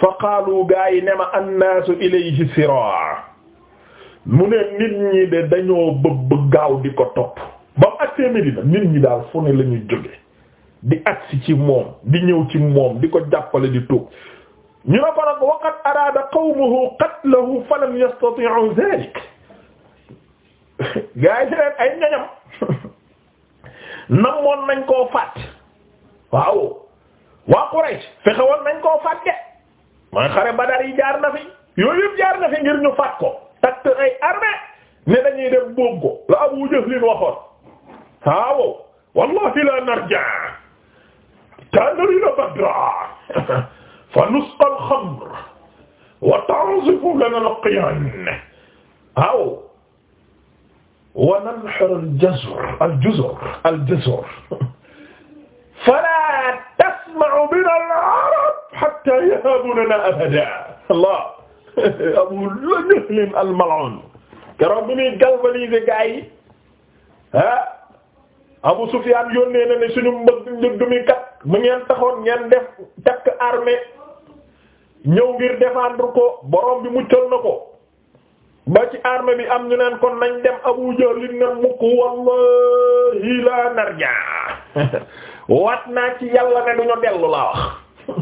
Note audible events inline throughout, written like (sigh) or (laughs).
fa qaalu gaa yi ne ma annaasu ilayhi siraa mu ne nit ñi de dañoo bëbb gaaw di ko topp ba agsee Medina nit ñi daal fu ne la jóge di agsi ci moom di ñëw ci moom di ko jàppale di tuub ñu ne ko nag waqad araada qawmuhu qatlahu fa lam yastati'u gaa yi leen ay ñoñam namoon nañ koo faat waaw waa Quraysh fexewoon nañ koo faat de mooy xare Badar yi jaar na fi yooyu yëpp jaar na fi ngir ñu faat ko takk ay armée ne dañuy dem bóob ko la Abu Jahl waxoon waaw wallahi la narja tanrina Badra (laughs) fa nusqa al-xamr wa ta'zifu lana al-qiyan waaw wa nanhur al-jazur al-juzur al-jazur (laughs) fala tasma'u bina al-'arab hatta yahabuna abada Allah Abu Lahl al-mal'un keroog bi muy galvaniser gaa yi ah Abu Sufyaan yónnee na ne suñu mbëg njëgg mi kat mu ngeen taxoon ngeen def takk armée ñëw ngir défendre ko borom bi muccal na ko ba ci armée bi am ñu neen kon nañ dem Abu Jahl ne mukk wallahi la narja (laughs) wat naa ci yàlla ne duñu dellu laa wax (laughs)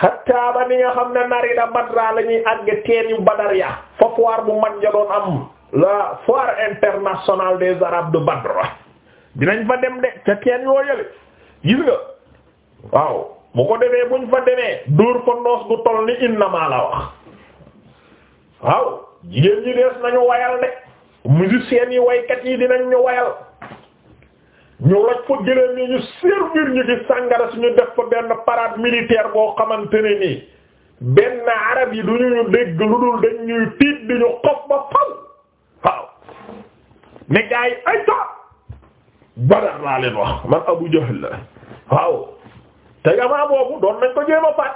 xatta ba ni nga xam ne nari da badra la àgg teen yu badar ya fa foire bu mag ja doon am la foire internationale des arabes de badra dinañ fa dem de ca teen yoo yële gis nga waaw bu ko defee buñ fa demee dóor fa noos gu toll ni inna maa la wax waaw jigéen ñi dees nañu wayal de musiciens yi waykat yi dinañ ñu wayal ñu loj fa gëléem ñi ñu servir ñu ci sàngara suñu def fa benn paraat militaire boo xamante ne nii benn arab yi du ñu dégg lu dul dañ ñuy tiit di ñu ba faw waaw ne gaa yi ay ta badar laa leen wax man Abu Jahl la waaw te gamaa boobu doon nañ ko jéem a faat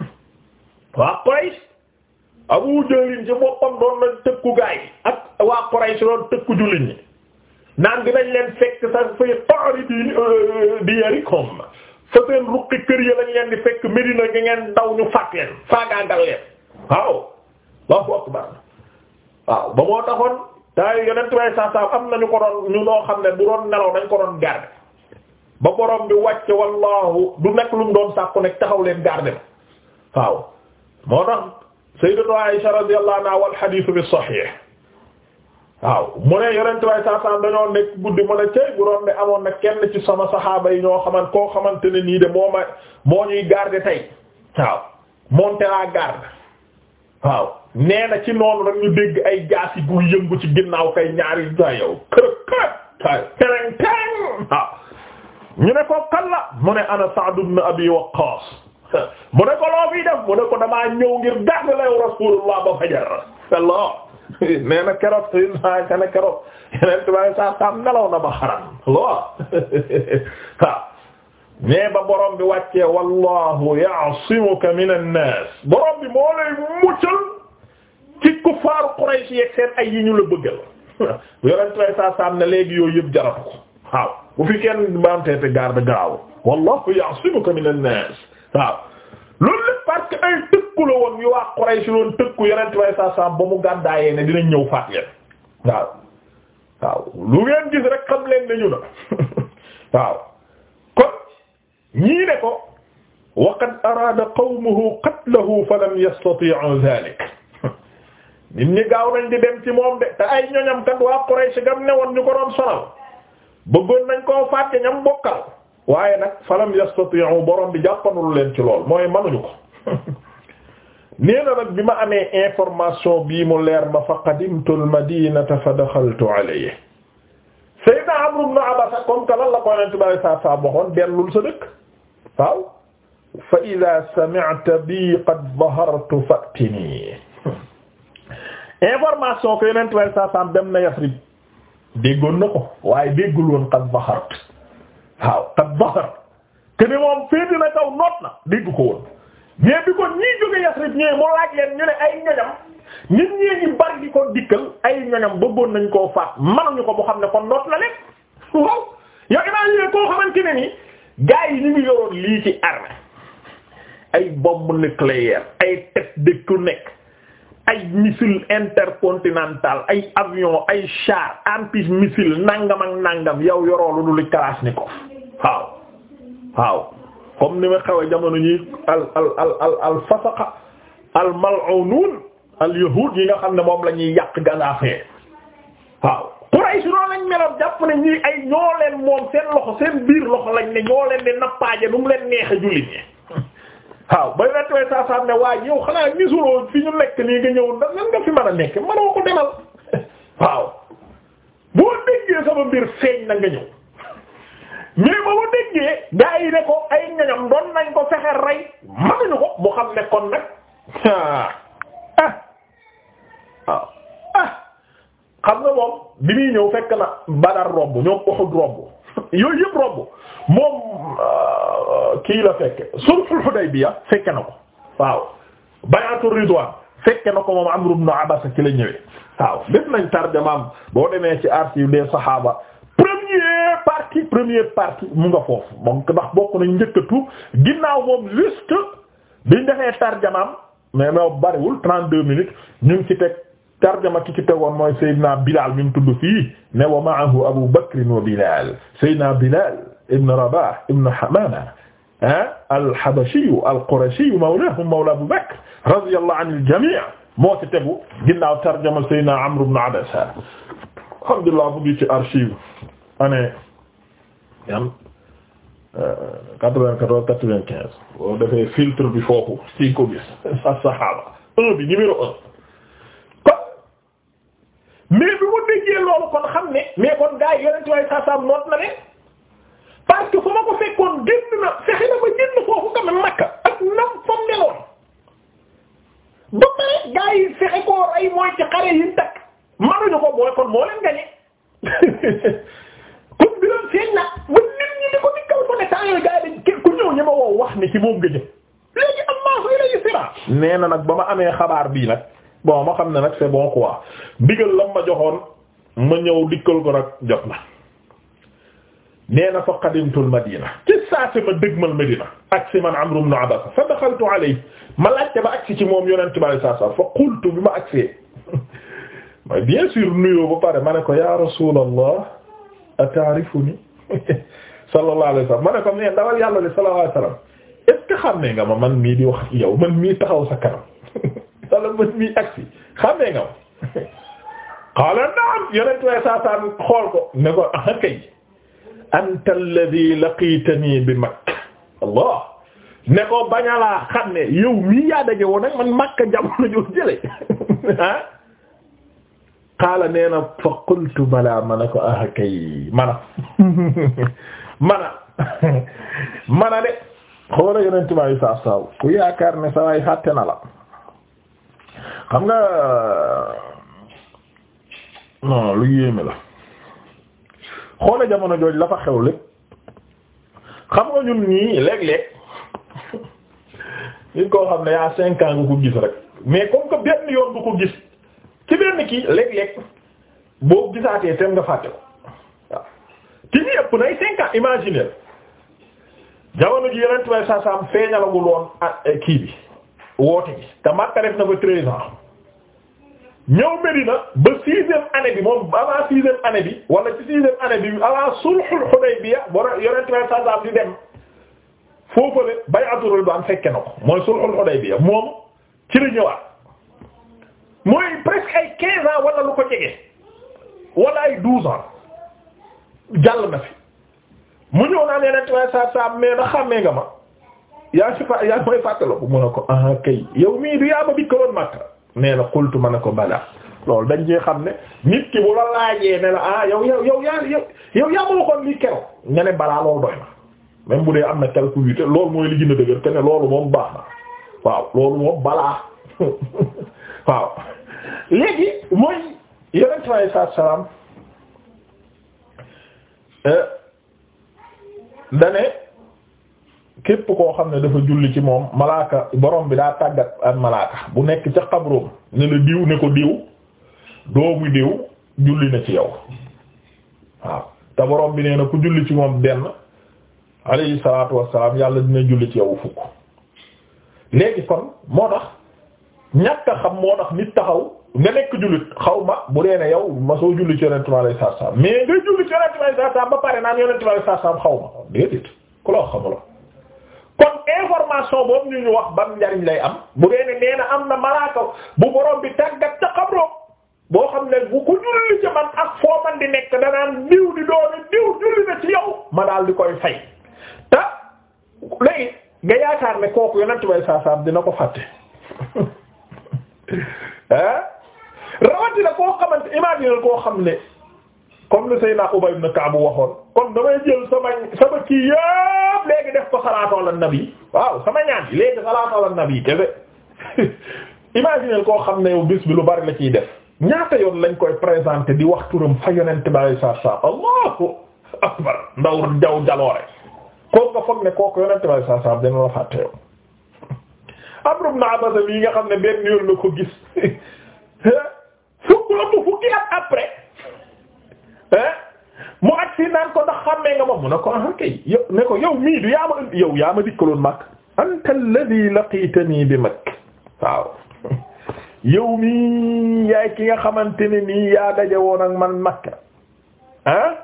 (laughs) waa Quraysh Abu ci boppam doon nañ tëkku gaa yi ak waa Quraysh doon tëkku jullit ñi naan dinañ leen fekk sa fay paari bi bi euh, yarikum fa seen ruqi kër ya lañ leen di fekk Medina nga ngeen daw ñu fàtt leen faagaagal leen waaw Allahu akbar waaw ba moo taxoon tay yonent way saa saa am nañu ko doon ñu loo xam ne bu doon nelaw dañ ko doon garder ba borom bi wàcce wallahu du nekk lu mu doon sàkku nekk taxaw leen garder waaw moo tax sayyidatu Aisha radiyallahu anha wal hadith bi sahih waaw mu ne yonente way saasaam dañoo nekk guddi mu ne cey bu doon ne amoon na kenn ci sama saxaaba yi ñoo xamant koo xamante ne nii de moo ma moo ñuy garder tey waaw monter la garde waaw nee na ci noonu rek ñu dégg ay gaas yi yëngu ci ginnaaw kay ñaari day yow kërëg tereng tereng ñu ne ko kan la mu ne ana Sa'd ibn Abi Waqqas (laughs) mu ne ko loo fii def mu ne ko damaa ñëw ngir garder la yow ba fajar Allah (laughs) nee na keroog si naa ca ne keroog yeneen tubaab yi saa saam nelaw na ba xaram lool waaw mais (laughs) ba borom bi wàccee wallahu ya'simuka minan nas borom bi moo lay muccal ci kuffaaru Quraysh yeeg seen ay yi ñu la bëggal yeneen tubaab yi saa saam ne léegi yooyu yëpp jaratu ko waaw bu fi kenn baamteete garde gaaw wallahu ya'simuka minan nas waaw. loolu lépp parce que ay tëkku la woon yu waa Quraysh loon tëkku yonent way sa sam ba mu gàddaayee ne dinañ ñëw faat leen waaw waaw lu ngeen gis rek xam leen ne ñu na (laughs) waaw kon ñii ne ko wa qad araada qawmuhu qatlahu (laughs) ñi gaaw nañ di dem ci moom de te ay ñoñam kat waa Quraysh gam ne woon ñu ko doon sonal bëggoon nañ koo faat ñam bokkal waaye nag falam yastati'u borom bi jàppanul leen ci lool mooy manuñu ko nee na nag bi ma amee information bii mu leer ma fa qadimtu al madinata fa daxaltu alayhi sayyidna Amr ibn Abasa comme que lan la ko yonent bi saa saa waxoon dellul sa dëkk waaw fa ida sami'ta bi qad dahartu fa'tini information que yonent bi saa saa dem na Yasrib déggoon na ko waaye déggul woon qad dahartu waaw kat baxar ke ne moom féete na kaw noot na dégg ko woon mais bi ko ñii jóge Yasrib ñëwee mu laaj leen ñu ne ay ñoñam nit ñee ñu bari di ko dikkal ay ñoñam bëggoon nañ koo faat manuñu ko bu xam ne kon noot na leen waaw yow imagine koo xamante ne ni gars yi ñu ngi yoroon lii ci arme ay bombe nucléaire ay tête de nekk ay missile intercontinental ay avion ay char anti missile nangam ak nangam yow yoroolu du li kalashnikov waaw waaw comme ni ma xawe jamono ñi al al al al al fasaqa al mal'unun al yahud yi nga xam ne moom la ñuy yàq gazafee waaw Quraysh noonu lañ meloon jàpp ne ñi ay ñoo leen moom seen loxo seen biir loxo lañ ne ñoo leen di nappaaje nu mu leen neexe jullit ñi waaw ba yonent way saa saam ne waaye yow xanaa gisuloo fi ñu lekk nii nga ñëw ndax nan nga fi mën a nekk manoo ko demal (laughs) waaw boo déggee sama mbir feeñ na nga ñëw mais ba ma déggee gaa yi ne ko ay ñoñam doon nañ ko fexe rey mënuñu ko mu xam nekkoon nag (laughs) ah ah xam nga moom bi muy ñëw fekk na Badar romb ñoom Uhud romb (laughs) yooyu yëpp romb moom kii fekk fekke sulhul Hudaybiya fekke na ko waaw ridwaan fekke na ko moom Amr ibn Abasa ci la ñëwee waaw def nañ tarjamaam boo demee ci archive des sahaba première partie première partie mu nga foofu donc ndax bokk nañ njëkkatu ginnaaw moom juste biñ defee tarjamaam mais moo bariwul 32 minutes ñu ngi ci teg tarjama ki ci tegoon mooy Seydina Bilal mi mu tudd fii ne wa ma'ahu Abu Bakr wa Bilal Seydina Bilal ibn al-Habashiyu al-Qurashiyu mawlaahum mawla Abu Bakr radiyallahu anil jamii moo ci tegu ginnaaw tarjama Seydina Amr ibn Abasa alhamdulillah mu ngi ci archive année yan euh, quatre-vingt-quatorze quatre-vingt-quinze boo defee filtre bi foofu ci ko gis as-Sahaba un bi numéro un kon mais bi mu déggee loolu kon xam ne mais kon gars yi yonent way sa sam noot na ne parce que na fexe na ba jënd foofu quand même Makka ak nam fa meloon ba pare gaa yi fexe koo rey mooy ci xare yi ñu takk manuñu ko mooy kon moo leen gañe (laughs) kon bi doon feeñ na bu nit ñi di ko di kal ne temps yooyu gaa yi ku ñëw ñi woo wax ni ci moom gëjë léegi am maa koy lañu sira nag ba ma amee xabaar bii nag bon ma xam ne nag c'est bon quoi digal lam ma joxoon ma ñëw dikkal ko nag jot na nee na fa qadimtul madina ci saa si ma dégmal Medina ak man Amru ibn Abasa fa daxaltu alayhi ma laajte ba agsi ci moom yonent bi saa saa fa qultu bi ma agsee mais (laughs) bien sûr nuyoo ba pare ma ne ko ya Rasulallah atarifuni (laughs) sallallahu alayhi wa sallam ma ne ko mais ndawal yàlla li sallallahu alayhi wa sallam est ma man mii di wax yow man mii taxaw sa kanam (laughs) wala man mii agsi xàmmee nga ma qaala na'am yonent bi saa saa ko ne ko ah anta alladhi laqitani bi makka allah ne ko bañalaa xam ne yow mii yaa daje woon man makka jamono joo jële ah qaala nee na fa qultu balaa ma ko ah kay mana (laughs) mana (laughs) mana de xoola yonent bi alayhi salaatu salaam ku yaakaar ne sa waay fàtte na la xam nga non lu yéeme xoole jamono jooj la fa xew lépp xam nga ñun ñii léeg-léeg (laughs) nit koo xam ne yaa cinq ans nga ko gis rek mais comme que benn yoon du ko gis ci benn kii léeg-léeg boo gisaatee tem nga fàtte ko waaw ki ñu ëpp nay cinq ans imaginaire jamono ji yeneen tubaab saa saam feeñalagul woon ak ah, kii bi woote bi te Makka def na fa treize ans ñëw Medina ba sixième année bi moom avant sixième année bi wala ci sixième année bi avant sulhul Hudaybiya boo yonent bi sallam di dem foofale bay'atul ridwaan fekke na ko mooy sulhul Hudaybiya moom ci la ñëwaat mooy presque ay quinze ans lu ko jege wala ay douze ans jàll na fi mu ñëw naan yonent bi sallam mais na xàmmee nga ma yaa si fa yaa mooy fàttala ko mun a ko ah kay yow mii du yaa ma dikkaloon Makka nee na qultu ma ne ko bala loolu dañ cee xam ne nit ki bu la laajee ne la ah yow yow yow yaa yow yow yaa ma waxoon lii keroog nga ne balaa loolu doy na même bu dee am na quelque huit loolu (laughs) képp koo xam ne dafa julli ci moom malaaka borom bi daa tàggat ak malaaka bu nekk ca xabroom ne la diw ne ko diw doomu diw julli na ci yow waaw te borom bi nee na ku julli ci moom benn alayhi salaatu wassalaam yàlla dina julli ci yow fukk léegi kon moo tax ñàkk xam moo tax nit taxaw nga nekk jullit xaw bu dee ne yow ma soo julli ci yonent bi alayhi salaatu ba pare naan yonent bi alayhi xaw ma déedéet ku la xamula information boobu ñu ñu wax ban njariñ lay am bu dee ne am na malaaka bu borom bi tàggat ca xabro boo xam ne bu ko julli ci man ak foo man di nekk danaan diw di doone diw julli na ci yow ma daal di koy fay te léegi nga yaakaar ne kooku yonent bay saasaam dina ko fàtte ah (laughs) rawatina koo xamante imagine koo xam ne comme le Seydina Ubay ibn Ka'b waxoon kon damay jël sama sama kii yëpp léegi def ko salaatu ala nabi waaw sama ñaan yi léegi salaatu ala nabi kese (laughs) imagine koo xam ne yow bis bi lu bari la ciy def ñaata yoon lañ koy présenter di wax turam fa yonent bi alayhi salaam allahu akbar ndaw jaw jaloore kooku nga foog ne kooku yonent bi alayhi salaam dina la fàtte yow (laughs) Amru ibn Abasa mii nga xam ne benn yoon la ko gis (laughs) fukk la mu fukki at après mu agsi naan ko ndax xàmmee nga ma mu ne ko ah kay yow ne ko yow mii yaa ma yow yaa ma dikkaloon mag anta alladhi laqitani bi mag waaw (laughs) mii yaay ki nga xamante ne nii yaa daje woon ak man makka ah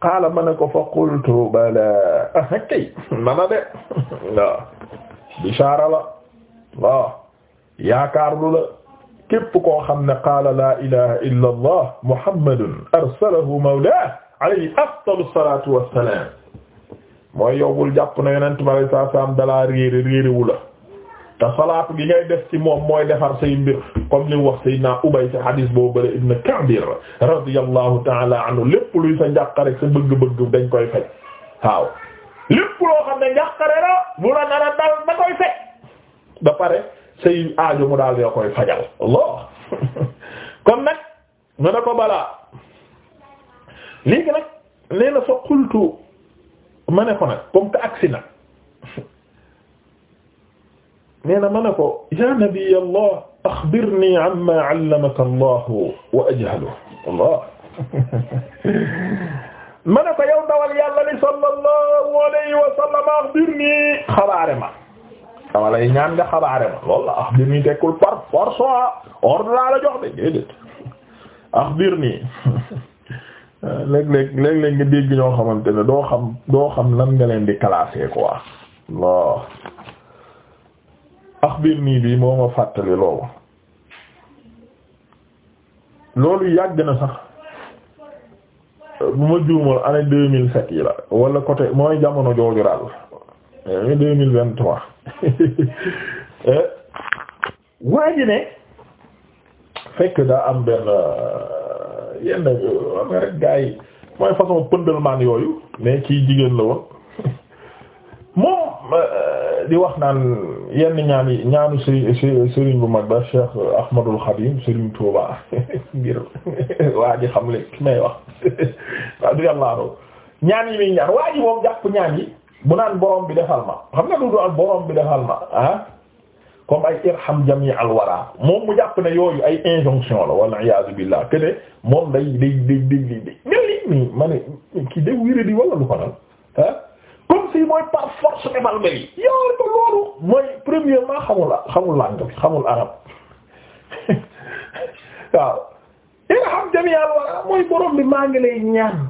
qaala ma ne ko fa qultu bala ah kay (laughs) mana de (laughs) waaw bishaara la waaw yaakaar lu la képp koo xam ne qaala laa ilaha illa allah muhammadun arsalahu mawlaa alayhi afdalu salatu wassalam mooy yow bul jàpp ne yonent bi alayhi salaatu salaam dalaa réere réerewu la te salaatu gi ngay def ci moom mooy defar say mbir comme li wax Seydina Ubay ci hadis boo bëre ibn Ka'bir radiyallahu ta'ala anhu lépp luy sa njàqare sa bëgg-bëgg dañ koy faj waaw lépp loo xam ne njàqare la bu la nar a dal da koy faj ba pare say aajo mu daal dee koy fajal Allah (laughs) kon nag nga ne ko balaa léegi nag nee na fa qultu ma ne ko nag comme que agsi na (laughs) nee na ma ne ko ya nabiy Allah axbirni amma allamaka Allah wa ajhaluhu Allah (laughs) ma ne ko yow dawal yàlla li sallallahu alayhi wa sallam axbirni xabaare ma dama lay ñaan nga xabaare ma loolu la ax biir nii tekkul par force ah, ordre laa la jox de déedéet ax biir nii (laughs) léeg-léeg léeg-léeg nga dégg ñoo xamante ne doo xam doo xam nan nga leen di classé quoi waaw ax biir nii bii moo ma fàttali loolu loolu yàgg na sax bu ma juumal année deux mille sept yi la wala côté mooy jamono jooju daal deux mille vingt trois (laughs) Euh, waa ji ne fekk daa am benn euh, yenn am nga (laughs) euh, wax naan yenn ñaan yi ñaanu së- sëriñ bu (laughs) waa ji moom jàpp ñaan yi bu naan borom bi defal ma xam nga du doon borom bi defal ma ah comme ay irham jami al wara moom mu jàpp ne yooyu ay injonction la wal iyaazu billah que moom day day day day day ne kii day wéré di wala lu ko dal ah comme si mooy par force defal ma lii. loolu mooy premièrement xamul xamul langue xamul arab (laughs) waaw irham jami al wara mooy borom bi maa ngi lay ñaan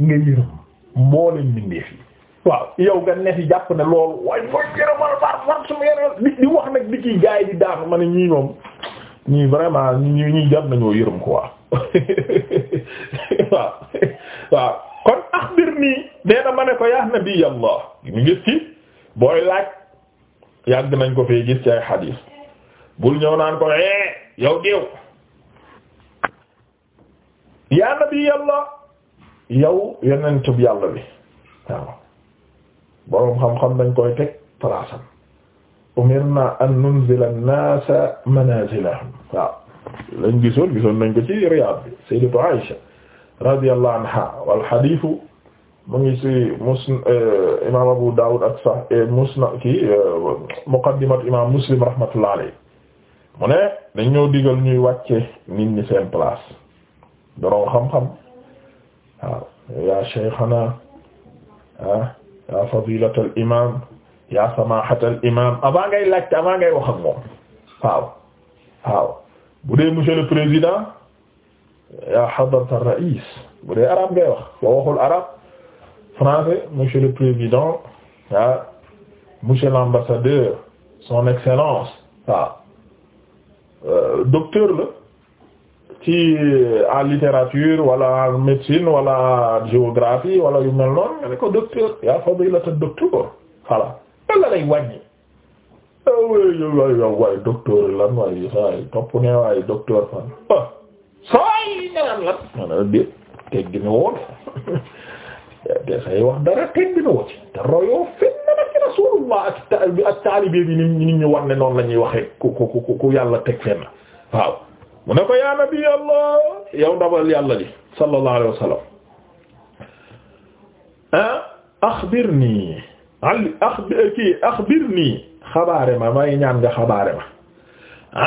nga yërëm moo bindee fii. waaw yow nga ne fi jàpp ne loolu waaye mooy jërë mal bar man su ma di wax nag di kii gars di daanu ma ñii ñii vraiment ñii ñii jàpp nañoo yërëm quoi (laughs) waaw waaw kon axbir nii nee na ma ne ko yaa nabi Allah mi ngis ci booy laaj yàgg nañ ko fee gis ci ay xadiis bul ñëw naan ko eh yow diw yaa nabi Allah yow yonent bi yàlla bi boroom xam-xam dañ koy teg palaasam an nunzila an-naasa manaazilahum waaw lañ gisoon nañ ko ci Riyaad bi sayyidatu Aisha radiyallahu anha wal hadiisu mu ngi ci musn eh, imaam Abu Daawud ak sax eh, musnad ki eh, muqaddimat imaam Muslim rahmatullahi alayhi mu ne dañ ñoo digal ñuy wàcce nit ñi seen place boroom xam-xam waaw yaa shaykhana ah, yaa fadilatal imaam yaa samaaxatal imaam avant ngay laajte avant ngay wax ak moom waaw waaw bu dee monsieur le président yaa hadratal raïs bu dee arabe ngay wax boo waxul arabe français monsieur le président yaa monsieur l'ambassadeur son excellence waaw euh, docteur la. ci euh, en littérature wala en médecine wala géographie wala yu mel noonu nga ne ko docteur yaa fadilata docteur voilà wala lay wàññi ah, waay yow waay lan waay saay topp ne waay docteur fan ah sooy naan lan mana dé teg gi ne (laughs) say wax dara teg gi te royoo fen nana ci rasulullah ak ak taalibe bi ni ñu war ne noonu la ñuy waxee ku ku ku yàlla teg fenn waaw mu ne ko yaa nabi allah yow ndawal yàlla li sallallahu alayhi wa sallam ah axbirnii al axbirki axbirnii xabaare ma may ñaan nga xabaare ma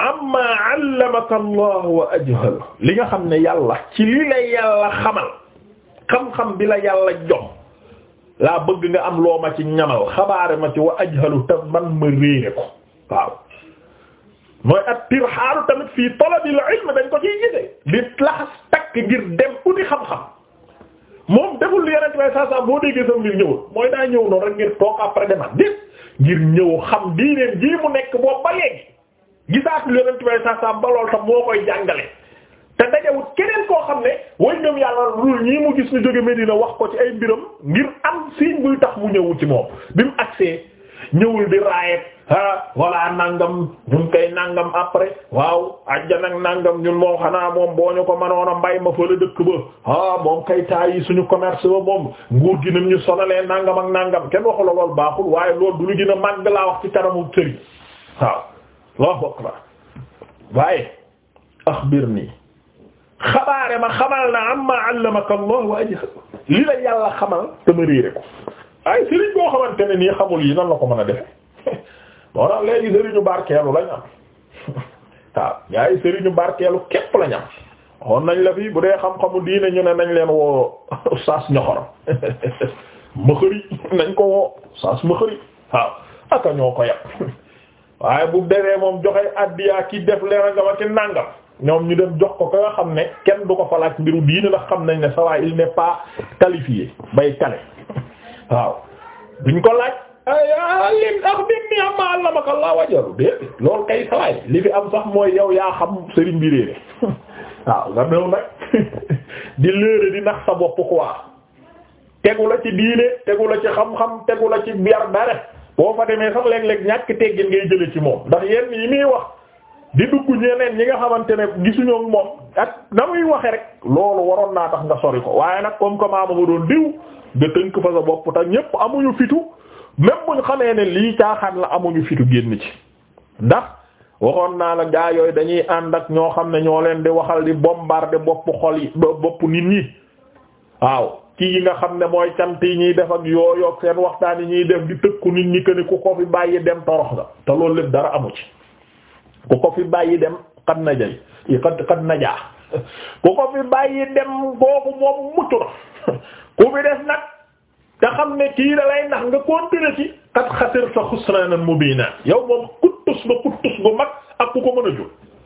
amma allamaka allah wa ajhal li nga xam ne yàlla ci li la yàlla xamal xam-xam bi la yàlla jox laa bëgg nga am loo ma ci ñamal xabaare ma ci wa ajhalu te man ma réere ko waaw mooy at tirxaalu tamit fii talabil ilm dañ ko ciy gise di laxas takk ngir dem uti xam-xam moom deful li yeneen way saa saa boo déggee sa mbir ñëwul mooy daa ñëw noonu rek ngir ñëw xam diineen jii nekk boobu ba léegi gisaatu saa saa ba lool tam moo koy jàngale te dajawut keneen koo xam ne way ñoom yàlla lul ñii mu gis ñu jóge Medina wax ko ci ay biram ngir am siiñ buy tax mu ñëwul ci moom bi mu agsee ñëwul di raayet ah walla nangam ñun kay nangam après waaw ajjan ak nangam ñun moom xanaa moom boo ñu ko mënoon mbay ma fële dëkk ba ah moom kay taay yi suñu commerce ba moom nguur gi nam ñu sonalee ak nangam kenn waxu la loolu baaxul waaye loolu du lu gën a màgg laa wax ci kanamu kër yi waaw Allahu akbar waaye axbirnii xabaare ma xamal na amma allamaka Allah wa ajhal la yàlla xamal te ma réere ko ay sëriñ boo xamante ne nii xamul yi nan la ko mën a defe (laughs) moo tax léegi sëriñu barkeelu lañ am (laughs) waaw gaa yi sëriñu barkeelu képp lañ am nañ la fii bu dee xam-xamu diine ñu ne nañ leen woo saas (laughs) ñoxoram (laughs) mëxëri nañ ko woo saas mëxëri waaw aka ñoo ko yàpp waaye bu defee moom joxe addiyaa ki def leer nga nàngam ñoom ñu dem jox ko ka nga xam ne kenn du ko fa laaj mbiru diine ndax xam nañ ne sa waay il n'est pas qualifié bay kale waaw duñ ko laaj alim axbir ni am ay allamaka Allah loolu kay sawaay li fi am sax mooy yow yaa xam sëriñ bi réere (laughs) waaw nga néew nag (laughs) di léere di nax sa bopp quoi tegu la ci diine tegu la ci xam-xam tegu la ci biar dara boo fa demee sax léeg-léeg ñàkk teggin ngay jële ci moom ndax yenn yi muy wax di dugg ñeneen ñi nga xamante ne gisuñoo moom ak na muy waxe rek loolu waroon naa tax nga sori ko waaye nag comme que maamu nga doon diw nga tënk fa sa bopp te ñépp amuñu fitu même bu ñu xamee ne lii caaxaan la amuñu fitu génn ci ndax waxoon naa la gaa yooyu dañuy ànd ak ñoo xam ne ñoo leen di waxal di bombarder bopp xol yi bopp nit ñi waaw kii yi nga xam ne mooy cant yi ñuy def ak yooyu seen waxtaan yi ñuy def di tëkku nit ñi que ni ku ko fi bàyyi dem torox nga te loolu lépp dara amu ci ku ko fi bàyyi dem xat na jay xat xat na jaa (laughs) ku ko fi bàyyi dem kooku moom mucc (laughs) ku fi des nag. te xam ne kii da lay nax nga continuer ci kat xasir sa xusraanan mubiina yow moom kuttus ba kuttus mag ak ku ko mën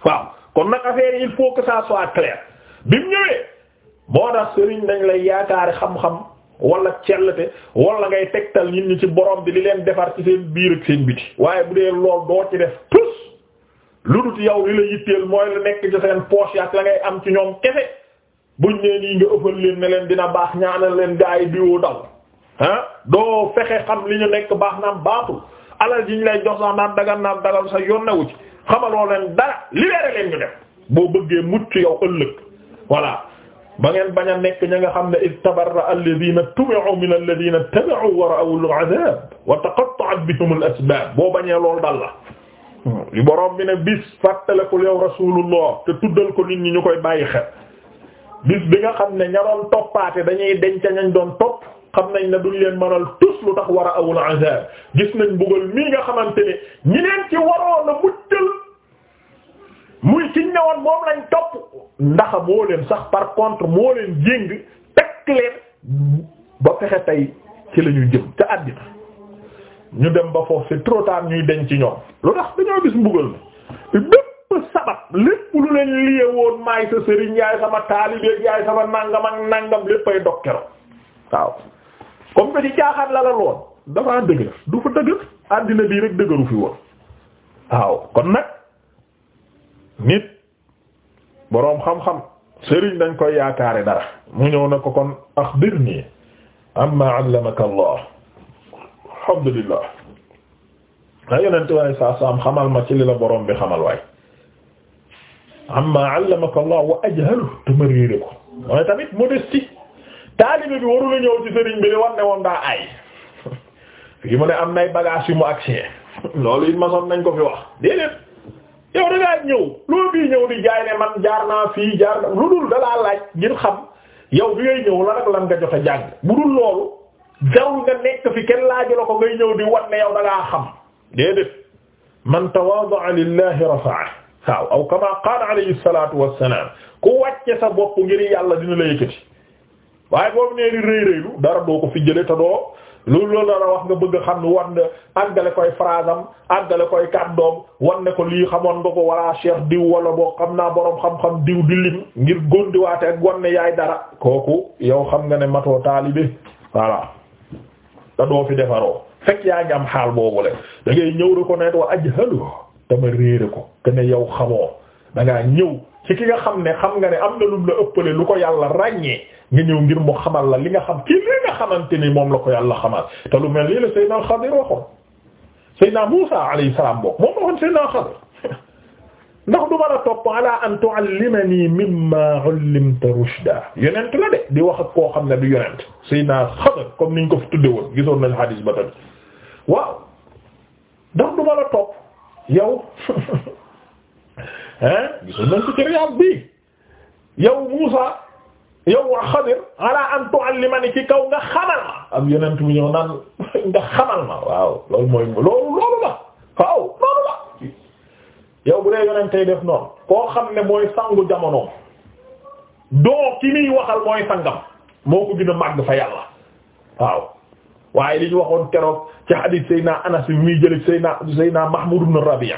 a kon nag affaire il faut que ça soit clair bi mu ñëwee moo tax sëriñ dañ lay yaakaari xam-xam wala cellate wala ngay tegtal nit ñi ci borom bi li leen defar ci seen biir ak seen biti waaye bu dee lool doo ci def tus lu dut yow li la yitteel mooy la nekk ci seen poche yaak la ngay am ci ñoom kese buñ nee nii nga ëffal leen ne leen dina baax ñaanal leen gaa yi diwoo daw ah doo fexe xam li ñu nekk baax naam baaxul alal ji ñu lay jox sax naan dagan naam dagal sa yonnewu ci xamaloo leen dara libéré leen ñu def boo bëggee mucc yow ëllëg voilà ba ngeen bañ a nekk ña nga xam ne istabarra alladhina tubi'u min alladhina tabi'u wa ra'aw al'adhab wa taqatta'at bihum al-asbab boo bañee loolu dal la li boroom bi ne bis fàttalekul yow rasulullah te tuddal ko nit ñi ñu koy bàyyi xel bis bi nga xam ne ña doon toppaate dañuy denc ñañ doon topp xam nañ na duñ leen mënal tus lu tax war a awul azab gis nañ mbugal mii nga xamante ne ñi leen ci waroon a muccal muy ci ñëwoon moom lañ topp ndax moo leen sax par contre moo leen jéng tekk leen ba fexe tey ci la ñu jëm te àddina ñu dem ba foofu c'est trop tard ñuy denc ci ñoom lu tax dañoo gis mbugal na lépp sabat lépp lu leen liye woon maay sa sëriñ yaay sama taalibe yaay sama nangam ak nangam léppay dokkero waaw comme que ci caaxaan la la lool dafa du fa dëgër àddina bii rek dëgëru fi woon waaw kon nag nit boroom xam-xam sëriñ dañ koy yaakaare dara mu ñëw na ko kon axbirni amma allamaka allah alhamdulillah daa yonente waaye saa saam xamal ma ci li la boroom bi xamal waay amma allamaka allah wa ajhalu te ma ko tamit modestie taalibe bi waru la ñëw ci sëriñ bi ni war woon daa aay fii mu ne am nay bagage mu accès loolu it ma nañ ko fi wax déedéet yow da ngaa ñëw loolu bii ñëw di jaay man jaar naa fii jaar lu dul dalaa laaj ngir xam yow bi ngay ñëw la nag lan nga jot a jàng bu dul loolu jarul nga nekk fi kenn laaju ko ngay ñëw di wan ne yow xam déedéet man tawaada'a lillahi rafa'ahu waaw aw kama sa bopp ngir yàlla dina la yëkkati waaye boobu nee ni dara doo ko fi jële te doo loolu loolu dara wax nga bëgg xam ne wan na àggale koy phrase am àggale koy kàddoom wan ne ko lii xamoon nga ko walla cheikh diw wala boo xam naa boroom xam-xam diw di lim ngir góndiwaate ak wan ne yaay dara kooku yow xam nga ne matoo taalibe voilà te doo fi defaroo fekk yaa ngi am xaal boobu da ngay ñëw reconnaître wa ajhalu dama réere ko te yow xamoo da ngaa ñëw ci nga xam ne xam nga ne am na lum la ëppale lu ko yàlla ràññee nga ñëw ngir mu xamal la li nga xam ci li nga xamante ni moom la ko yàlla xam xamal te lu mel nii la Seydina Xadir waxoon Seydina Muusa alayhi salaam boobu moom waxoon Seydina Xadir ndax du mën a topp ala an tu'allimani mimma 'ullimta di wax koo xam ne du yonent Seydina Xadir comme niñ ko fi tudde woon gisoon nañ xadiis ba tamit waaw ndax du mën a topp yow (laughs) hein gisoon nañ ko ci bi yow Muusa yow wa ala an tu'allimani ci kaw nga xamal ma am yonent bu ñëw naan (laughs) ma waaw loolu mooy loolu loolu la waaw loolu la yow bu dee def noonu koo xam ne mooy sangu jamono doo ki waxal mooy sangam moo ko gën a fa yàlla waaw waaye li ñu waxoon keroog ci hadith Seyna Anas bi muy jëli Seyna Seyna Mahmoud ibn Rabi'a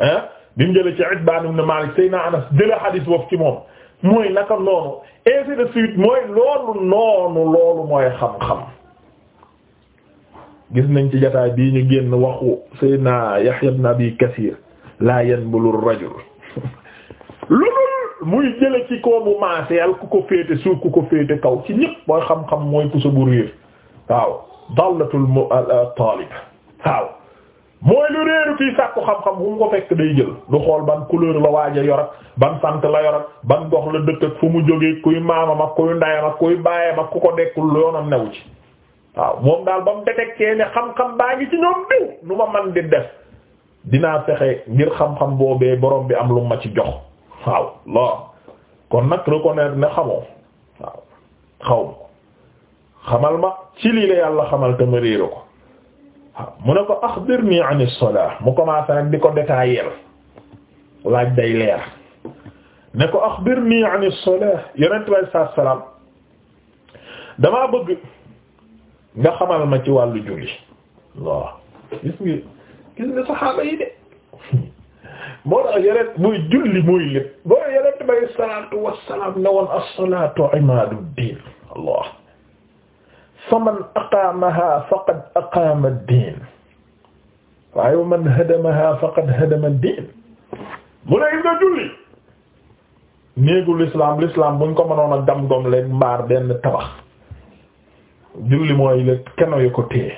hein di mu jëlee ci Itbaan ibn Maalik Seydina Anas jëlee hadis boobu ci moom mooy naka noonu ainsi mooy xam-xam. gis nañ ci jotaay bii ñu génn waxu Seydina Yahya ibn Abi Kasiir laa yanbulu ar-rajul lu dul muy jële ci koo mu maaseel ku ko féete suuf ku ko féete kaw ci ñëpp mooy xam-xam mooy puso bu réer waaw dallatul mu taalib waaw. mooy lu réeru kii sàkku xam-xam bu mu ko fekk day jël du xool ban couleur la waaja yor ak ban sant la yor ak ban gox la dëkk ak fu mu jógee kuy maamam ak kuy ndayam ak kuy baayam ak ku ko dekkul yoonam newu ci waaw moom daal ba mu détekkee ne xam-xam baa ngi ci ñoom diw nu ma man di def dinaa fexe ngir xam-xam boobee borom bi am lu ma ci jox waaw lool kon nag reconnaître ne xamoo waaw xaw ma xamal ma ci lii la yàlla xamal te ma réere ko waaw mu ne ko axbirnii ani salaa mu commencé nag di ko détailler laaj day leer ne ko axbirnii ani salaa yonent bi alayhi salaam damaa bëgg nga xamal ma ci wàllu julli waaw gis nga gis nga saxaaba yi de (laughs) moo tax muy julli muy lépp boo yonent bi alayhi salaatu wa salaam ne woon as-salaatu imaadud diin Allah faman aqaamaha faqad aqaama ad-diin waaye wa man hadamaha faqad hadama ad-diin mu ne gis nga julli néegu l'islam l'islam buñ ko mënoon a gam-gom leen mbaar benn tabax julli mooy le keno yu ko téye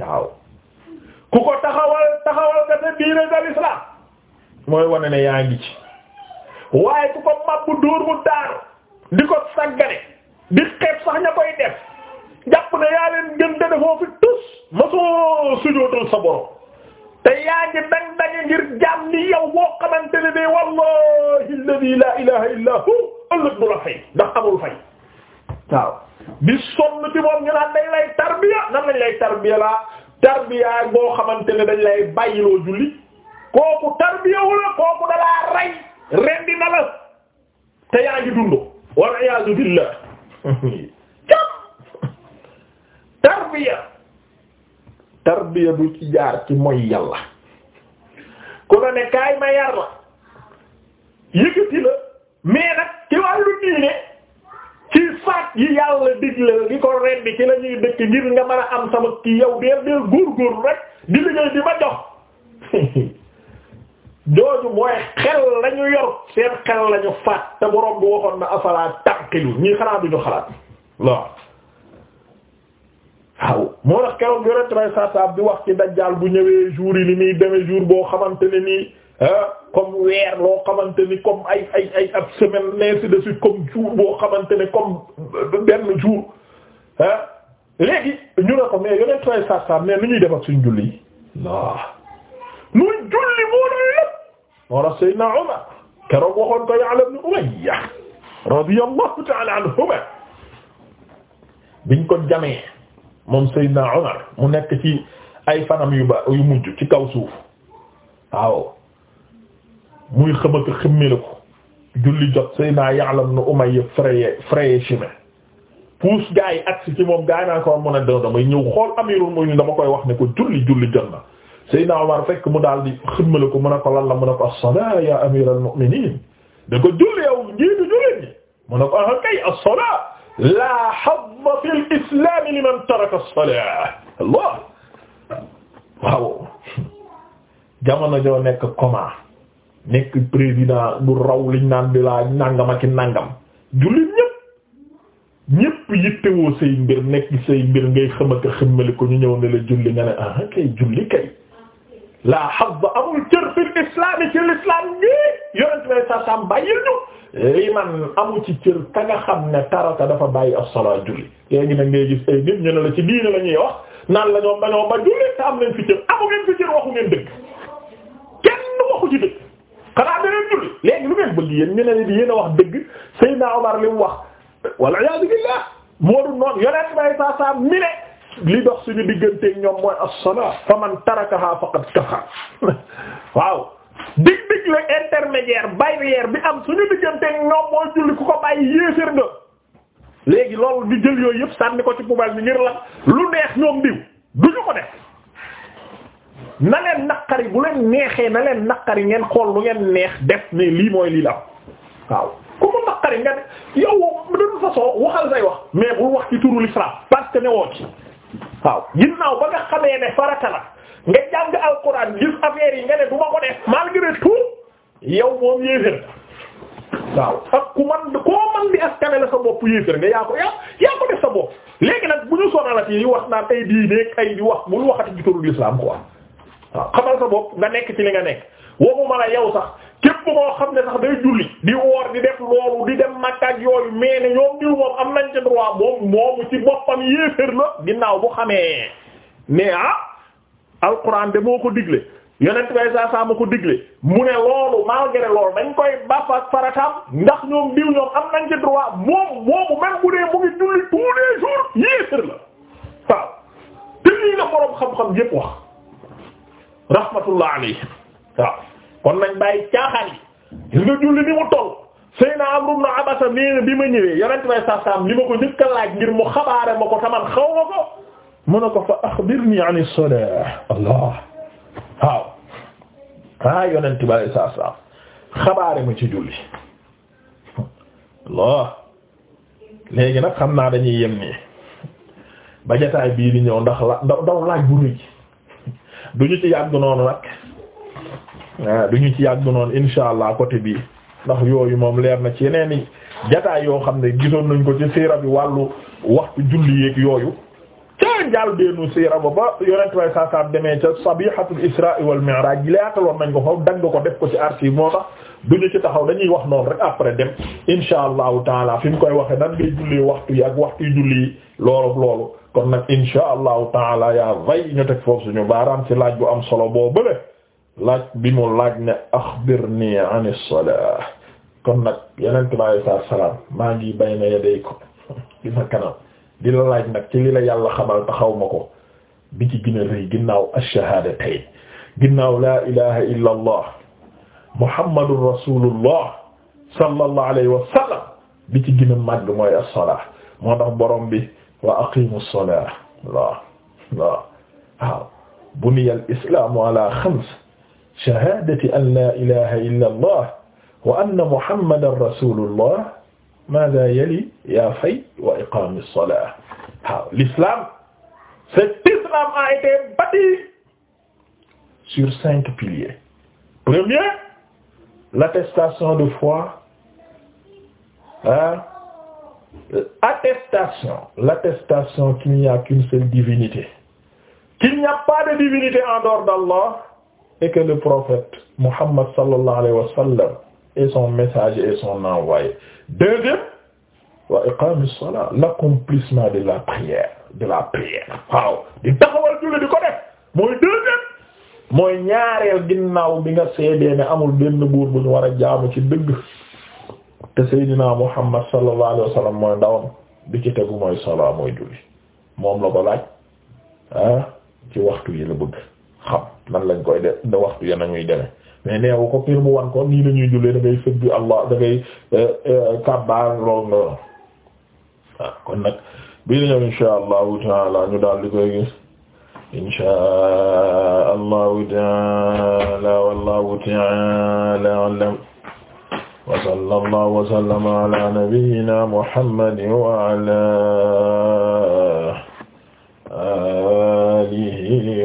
waaw ku ko taxawal taxawal nga te diine dal islam mooy wane ne yaa ngi ci waaye ku ko mabbu dóor mu daaru di ko saggane di xeeb sax ña koy def jàpp ne yaa leen gën te fi tus masoo sujjóotal sa borom te yaa ngi dang dange ngir jaam ni yow boo xamante ne day wallahi alladhi la ilaha illa hu ëllëg du la fay ndax amul fay waaw di sonn ci moom ñu naan dañ lay tarbiya nan lañ lay tarbiya laa tarbiya boo xamante ne dañ lay bàyyiloo julli kooku tarbiyawu la kooku dalaa rey rendi na la te yaa ngi dund wal iyaazu billah (laughs) tarbiya tarbiya du ci jaar ci mooy yàlla ku la ne ma yar la yëkkati la mais nag ci wàllu diine ci faat yi yàlla digle di ko rendi ci la ñuy dëkk ngir nga mën a am sama ki yow deel deel góorgóorlu rek di liggéey di ma jox (laughs) jooju mooy xel lañu yor seen xel lañu faat te borom bi waxoon na afala tànqilu ñii xanaa duñu xalaat waaw waaw moo tax keroog yore tray saasaab bi wax ci dajjaal bu ñëwee jour yi ni muy demee jour boo xamante ne nii ah, comme weer loo xamante ni comme ay ay ay ab semaine ainsi de suite comme jour boo xamante ne comme euh, benn jour ah léegi ñu ne ko mais yore tray saasaab mais nu ñuy def ak suñu julli waaw nu julli moo doon lépp moo tax Seydina Omar keroog waxoon ko Ya'la ibn Umayya radiyallahu ta'ala anhuma biñ ko jamee. moom Seydina Umar mu nekk ci ay fanam yu ba yu mujj ci kaw suuf waaw muy xëm ak xëmmile ko julli jot Seydina Ya'la ibn Umayya fraye fraye chimé puus gaa yi agsi ci moom gaa yi naa ko mën a doon damay ñëw xool amirul mu'minin dama koy wax ne ko julli julli jot na Seydina fekk mu daal di xëmmile ko mu ne ko lan la mu ne ko as ya amiral mu'minin da ko julli yow njiitu julli mu ne ko ah kay as laa hadda fil islam liman taraka as Allah waaw jamono joo nekk comment nekk président du raw liñ naan bi laa nàngam ak nàngam jullit ñëpp ñëpp yittewoo say mbir nekk say mbir ngay xam a xëmmali ko ñu ñëw ne la julli nga ne ah kay julli kay laa la habba amul cër fil islam ci l'islam bi yonent bi sa sam bàyyil ñu li man amu ci cir ka nga xam ne taraka dafa bàyyi as-salaa julli léegi nag ngay gis ay nit ñu ne la ci diine la ñuy wax naan la ñoom dañoo ba julli te am nañ fi cër amu ngeen fi cër waxu ngeen dëgg kenn waxu ci dëgg xanaa da ngeen julli léegi lu ngeen bëgg yéen ñu ne leen yéen a wax dëgg Seydina Omar li mu wax wal iyaadu billah moo du noonu yonent bi sa sam mi ne li dox suñu digganteeg ñoom mooy as-salaa fa man tarakaha faqad waaw dig dig la intermédiaire barrière bi am suñu digganteeg ñoom mooy julli ku ko bàyyi yéefér nga léegi loolu di jël yooyu yëpp sànni ko ci poubelle bi ngir la lu neex ñoom diw duñu ko def na leen naqari bu leen neexee na leen naqari ngeen xool lu ngeen neex def ne lii mooy lii la am waaw ku mu naqari nga yow de toute façon waxal say wax mais bu wax ci turu l'islam parce que ne waaw ginnaaw ba nga xamee ne farata la nga jàng alquran gis affaire yi nga ne du ma ko def malgré tout yow moom yéefér waaw ak ku man koo man di askane la sa bopp yéefér nga yaa ko yaa yaa ko def sa bopp léegi nag bu ñu sonalati yi wax naan ay diineeg ay di wax bul waxati ci turu l'islam quoi waaw xamal sa bopp nga nekk ci li nga nekk woomu ma la yow sax képp koo xam ne sax day julli di woor di def loolu di dem Makka yooyu mais ne diw moom am nañ ci droit moom moomu ci boppam yéeféer la ginnaaw bu xamee mais ah alquran de moo ko digle yonent bay saa saa ko digle mu ne loolu malgré loolu dañ koy baf farataam ndax ñoom diw ñoom am nañ ci droit moom moomu même bu dee mu ngi julli tous les jours la te lii la borom xam-xam yépp wax rahmatullah alayhi waaw kon nañ bàyyi caaxaan yi gis nga julli ni mu toll Seyna Amru ibn Abasa nee na bi ma ñëwee yonent bay sa sam li ko njëkk a laaj ngir mu xabaare ma ko taman xaw ma ko mu ne ko fa axbirni an as-salah allah waaw ah yonent bay sa sam xabaare ma ci julli allah léegi nag xam naa dañuy yem nii ba jotaay bii di ñëw ndax la ndaw laaj bu rëy (laughs) duñu ci yàgg noonu nag Eh, du ñu ci yàgg noonu insha allah côté bii ndax yooyu moom leer na ci yeneen i jataay yoo xam ne gisoon nañ ko ci siira bi wàllu waxtu julli yeeg yooyu ca njaal deenu siira ba ba yonent way saasaam demee ca isra wal mi'raj ji laataloon nañ ko faw dagg ko def ko ci archive moo tax du ñu ci taxaw dañuy wax noonu rek après dem insha allahu taala fi mu koy waxee nan ngay julli waxtu yi ak waxtu julli yi loolu loolu kon nag insha allahu taala yaa vay ñu teg foofu suñu baaraam si laaj bu am solo boo bële laaj bi mu laaj ne axbirni an as-salaa kon nag yeneen tubaab yi saa salaam maa ngi bayna laaj nag yàlla xamal taxaw ma ko bi ci gën a ginnaaw ash-shahaadatayn ginnaaw laa ilaha illa allah muhammadur rasulullah sallallahu alayhi wa sallam bi ci màgg mooy as-salaa bi wa aqimu as-salaa waaw waaw waaw buniya al shahaadati an laa ilaaha illa allah wa anna muhammadan rasulullah maadaa yali yaa fay wa iqaami salaah waaw l'islam cet islam a été bâti sur cinq piliers premier l'attestation de foi ah attestation l'attestation qu'il n'y a qu'une seule divinité qu'il n'y a pas de divinité en dehors d'Allah et que le prophète Muhammad sallallahu alayhi wa sallam est son messager et son envoyé deuxième wa iqamis salat l'accomplissement de la prière de la prière waaw di taxawal julli di ko mooy deuxième mooy ñaareel ginnaaw bi nga seedee ne amul benn buur bu ñu war a jaamu ci dëgg te Seydina Muhammad sallallahu alayhi wa sallam mooy ndawam bi ci tegu mooy salat mooy julli moom la ko laaj ah, ci waxtu yi la bëgg xam nan lañ koy def da waxtu ya nañuy deme mais neewu ko pir mu wan ko nii la ñuy jullee da ngay fëgg allah da ngay euh, euh, kabbaar loolu nga waaw ah, kon nag bii la ñëw insha allahu taala ñu daal di koy gis insha allahu taala wallahu taala alam wa sallallahu wa sallama ala nabiyyina muhammadin wa ala alihi